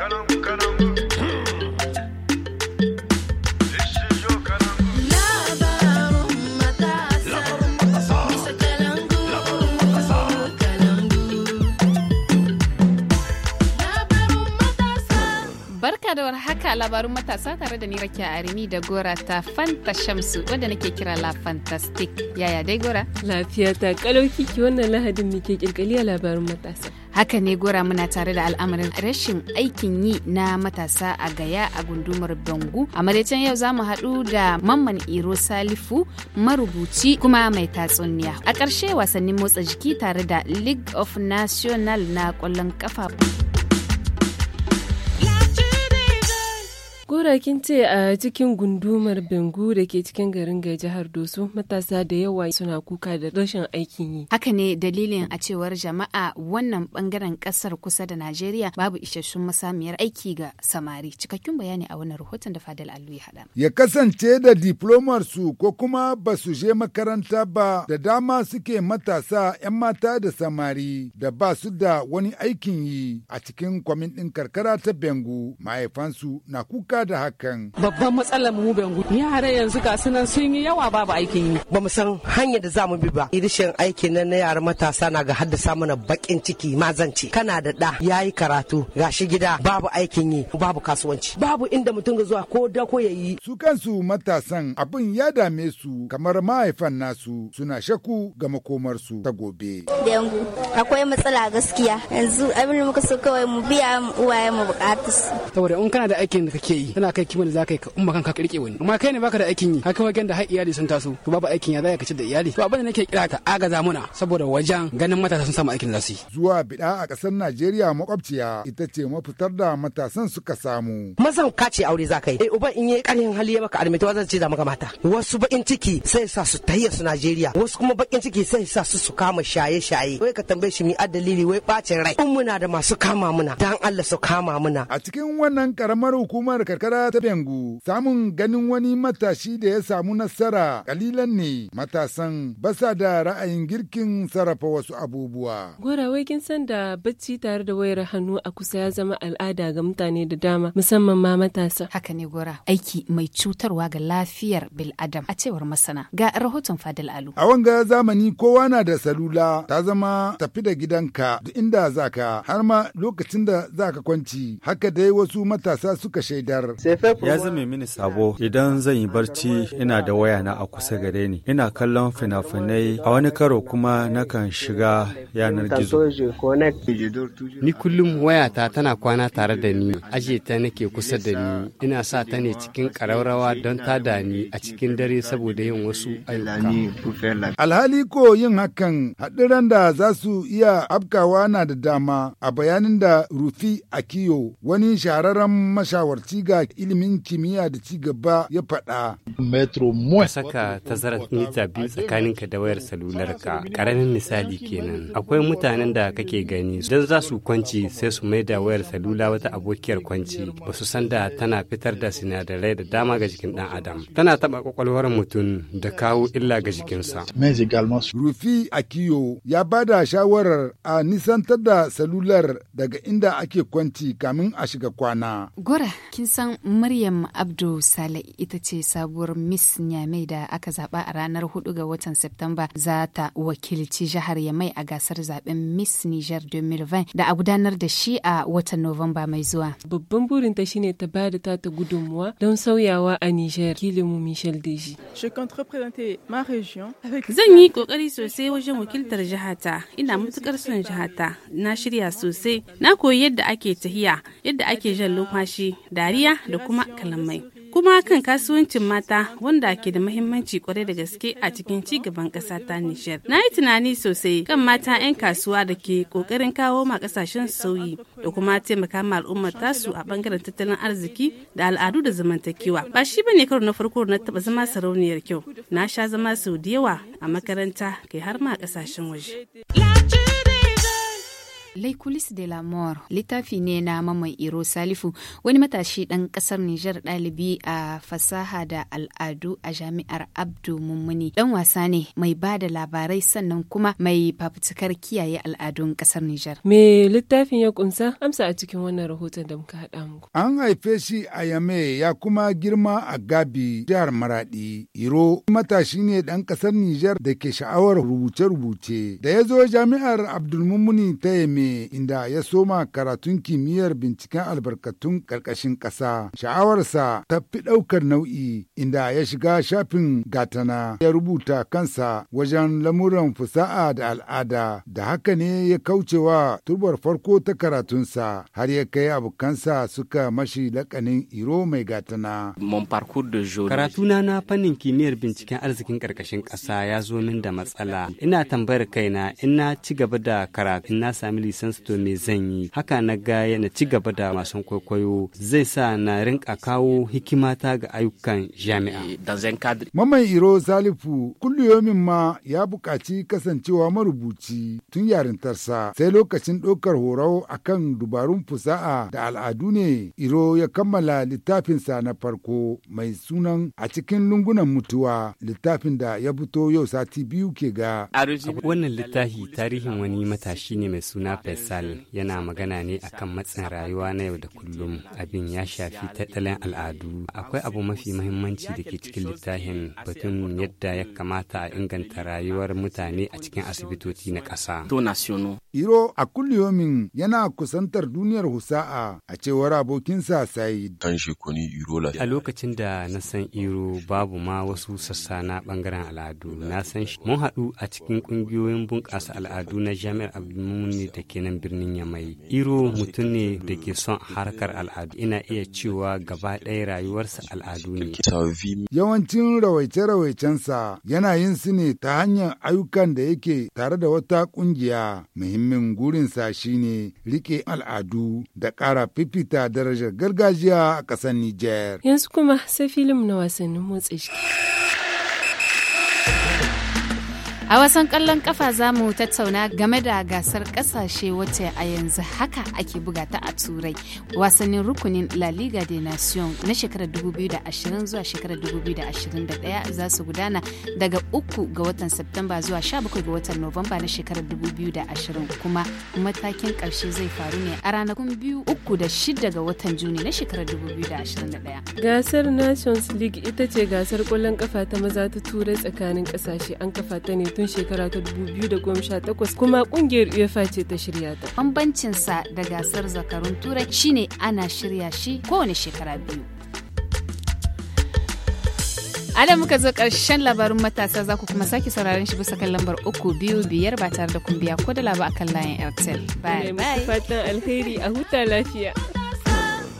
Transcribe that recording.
barka da warhaka labarun matasa tare da ni rake arimi da gora ta fanta shamsu wadda nake kira la fantastic yaya dai gora lafiya ta kalau kiki wannan lahadin muke kirkali a labarun matasa haka ne gora muna tare da al'amarin rashin aikin yi na matasa a gaya a gundumar bangu a madaicen yau za mu haɗu da mamman iro salifu marubuci kuma mai tatsuniya a ƙarshe wasannin motsa jiki tare da league of national na ƙwallon ƙafa Zahura kin ce a cikin gundumar Bengu da ke cikin garin Gai jihar Doso matasa da yawa suna kuka da rashin aikin yi. Haka ne dalilin a cewar jama'a wannan bangaren kasar kusa da Najeriya babu isassun masamiyar aiki ga samari. Cikakken bayani a wannan rahoton da Fadal Allu ya hada. Ya kasance da diplomar su ko kuma ba su je makaranta ba da dama suke matasa 'yan mata da samari da ba su da wani aikin yi a cikin kwamin ɗin karkara ta Bengu mahaifansu na kuka da hakan. Babban matsalar mu Bengu yara yanzu ga sunan sun yi yawa babu aikin yi. Ba san hanyar da za mu bi ba. Irishin aiki na na yara matasa na ga haddasa mana bakin ciki mazanci. Kana da da ya yi karatu gashi gida babu aikin yi babu kasuwanci babu inda mutum ga zuwa ko da ko ya yi. Su kansu matasan abin ya dame su kamar mahaifan nasu suna shaku ga makomarsu ta gobe. Bengu akwai matsala gaskiya yanzu abin da muka so kawai mu biya uwaye mu bukatu. Saboda in kana da aikin da kake yi tana kai kiman da za ka yi ka umma kanka ka rike wani amma kai ne baka da aikin yi haka wajen da har iyali sun taso to babu aikin ya za ka ci da iyali to abin da nake kira ka agaza zamuna. saboda wajen ganin matasa sun samu aikin da su yi zuwa bida a kasar Najeriya makwabciya ita ce mafitar da matasan suka samu mazan ka aure za yi eh uban in yayi karin hali ya maka almita zan ce za maka mata wasu bakin ciki sai sa su tahiyya su Najeriya wasu kuma bakin ciki sai sa su su kama shaye-shaye wai ka tambaye shi mi dalili wai bacin rai in muna da masu kama muna dan Allah su kama muna a cikin wannan karamar hukumar karkar karkara ta Bengu samun ganin wani matashi da ya samu nasara kalilan ne matasan basa da ra'ayin girkin sarrafa wasu abubuwa. Gwara wai kin san da bacci tare da wayar hannu a kusa ya zama al'ada ga mutane da dama musamman ma matasa. Haka ne gora aiki mai cutarwa ga lafiyar bil'adam a cewar masana ga rahoton Fadil Alu. A wanga zamani kowa na da salula ta zama tafi da gidanka duk inda zaka har ma lokacin da zaka kwanci haka dai wasu matasa suka shaidar Ya zame mini sabo idan zan yi barci ina da waya na a kusa gare ni. Ina kallon fina-finai a wani karo kuma nakan shiga yanar gizo. Ni kullum wayata tana kwana tare da ni, aje ta nake kusa da ni. Ina sa ta ne cikin ƙararrawa don ta da ni a cikin dare saboda yin wasu ayyuka. Alhali ko yin hakan haɗiran da za su iya afkawa na da dama a bayanin da Rufi Akiyo wani shahararren mashawarci ga ilimin kimiyya da ci gaba ya faɗa. Ka saka tazarar mita biyu tsakaninka da wayar salular ka. ƙaramin misali kenan. Akwai mutanen da kake gani don za su kwanci sai su mai da wayar salula wata abokiyar kwanci, ba su san da tana fitar da sinadarai da dama ga jikin ɗan adam. Tana taɓa ƙwaƙwalwar mutum da kawo illa ga jikinsa. Rufi Akiyo ya ba da shawarar a nisantar da salular daga inda ake kwanci kamin a shiga kwana. Gora, kin san Maryam Abdu Sale ita ce sabuwar Miss Nyamai da aka zaba a ranar 4 ga watan Septemba za ta wakilci jihar Yamai a gasar zaben Miss Niger 2020 da a gudanar da shi a watan Nuwamba mai zuwa. Babban burin ta shine ta bada ta ta gudunmuwa don sauyawa a Niger kilimu Michel Deji. Zan yi kokari sosai wajen wakiltar jihata. Ina matukar son jihata. Na shirya sosai. Na koyi yadda ake tahiya, yadda ake jan lokashi dariya da kuma kalamai kuma kan kasuwancin mata wanda ke da mahimmanci kwarai da gaske a cikin ci gaban ƙasa ta Nijar. Na yi tunani sosai kan mata 'yan kasuwa da ke kokarin kawo ma ƙasashen sauyi da kuma taimaka ma al'ummar tasu a bangaren tattalin arziki da al'adu da zamantakewa. Ba shi bane karo na farko na taba zama sarauniyar kyau. Na sha zama sau da yawa a makaranta kai har ma ƙasashen waje. Laikulis de la mor littafi ne na Maman Iro Salifu wani matashi dan kasar Nijar dalibi a fasaha da al'adu a jami'ar Abdu Mummuni. dan wasa ne mai ba da labarai sannan kuma mai fafutukar kiyaye al'adun kasar Nijar. Me littafin ya kunsa amsa a cikin wannan rahoton da muka haɗa muku. An haife shi a Yame ya kuma girma a Gabi jihar Maraɗi. Iro matashi ne dan kasar Nijar da ke sha'awar rubuce-rubuce. Da ya zo jami'ar Abdulmumuni ta Yame ne inda ya soma karatun kimiyyar binciken albarkatun ƙarƙashin ƙasa. Sha'awarsa ta fi ɗaukar nau'i inda ya shiga shafin gatana ya rubuta kansa wajen lamuran fusa'a da al'ada da haka ne ya kaucewa turbar farko ta karatunsa har ya kai abokansa suka mashi lakanin iro mai gatana. Karatuna na fannin kimiyyar binciken arzikin ƙarƙashin ƙasa ya zo min da matsala. Ina tambayar kaina in na ci gaba da karatun na sami su to me zan yi haka na ga yana ci gaba da wasan kwaikwayo zai sa na rinka kawo hikimata ga ayyukan jami'a eh, maman iro zalifu kulliyomin ma ya buƙaci kasancewa marubuci tun yarintarsa sai lokacin ɗaukar horo kan dubarun fusa'a da al'adu ne iro ya kammala littafinsa na farko mai sunan a cikin lungunan mutuwa littafin da ya fito yau sati biyu ke ga wannan littafi tarihin wani matashi ne mai suna Faisal yana magana ne akan matsin rayuwa na yau da kullum abin ya shafi tattalin al'adu. Akwai abu mafi mahimmanci da ke cikin littafin batun yadda ya kamata a inganta rayuwar mutane a cikin asibitoci na ƙasa. Iro a kulliyomin yana kusantar duniyar husa'a a cewar abokinsa Said. A lokacin da na san Iro babu ma wasu sassa na bangaren al'adu na san shi. Mun haɗu a cikin ƙungiyoyin bunƙasa al'adu na Jami'ar Abdulmuni da kenan birnin yamai iro mutum ne da ke son harkar al'adu ina iya cewa gaba ɗaya rayuwarsa al'adu ne yawancin rawaice-rawaicensa yana yin su ne ta hanyar ayyukan da yake tare da wata ƙungiya muhimmin gurinsa shine rike al'adu da ƙara fifita darajar gargajiya a ƙasar Nijar. Yanzu kuma sai filim na wasannin motsa jiki. A wasan kallon kafa za mu tattauna game da gasar kasashe wacce a yanzu haka ake buga ta a Turai. Wasannin rukunin La Liga de Nation na shekarar 2020 zuwa shekarar 2021 za su gudana daga 3 ga watan Septemba zuwa 17 ga watan Nuwamba na shekarar 2020 kuma matakin karshe zai faru ne a ranakun biyu da 6 ga watan Juni na shekarar 2021. Gasar Nations League ita ce gasar kwallon kafa ta maza ta Turai tsakanin kasashe an kafa ta ne tun shekara ta 2018 kuma kungiyar UEFA ce ta shirya ta. Bambancinsa da gasar zakarun turai shine ana shirya shi kowane shekara biyu. Ana muka zo ƙarshen labarin matasa za ku kuma sake sauraron shi bisa kan lambar uku biyu biyar ba tare da kumbiya ko da laba akan layin Airtel. Bye bye. Fatan alheri a huta lafiya.